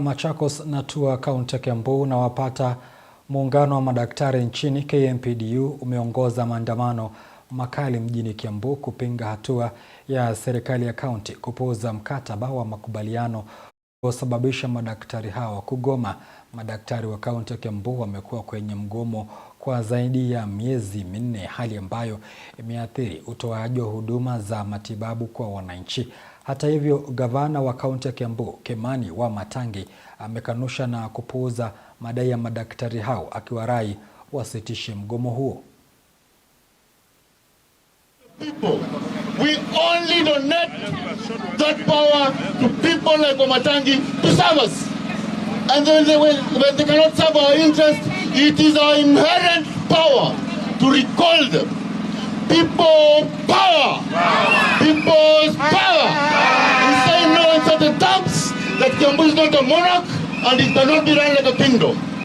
Machakos na tua kaunti ya Kiambu na wapata muungano wa madaktari nchini KMPDU umeongoza maandamano makali mjini Kiambu kupinga hatua ya serikali ya kaunti kupuuza mkataba wa makubaliano uliosababisha madaktari hawa kugoma. Madaktari wa kaunti ya Kiambu wamekuwa kwenye mgomo kwa zaidi ya miezi minne, hali ambayo imeathiri utoaji wa huduma za matibabu kwa wananchi. Hata hivyo, gavana wa kaunti ya Kiambu Kimani matangi amekanusha na kupuuza madai ya madaktari hao akiwarai wasitishe mgomo huo. People. We only donate that power to people like to serve us. And when they, when they cannot serve our It is our inherent power to recall them. People power. People's power. power. say no in certain terms that Kiambu is not a monarch and it cannot be run like a kingdom.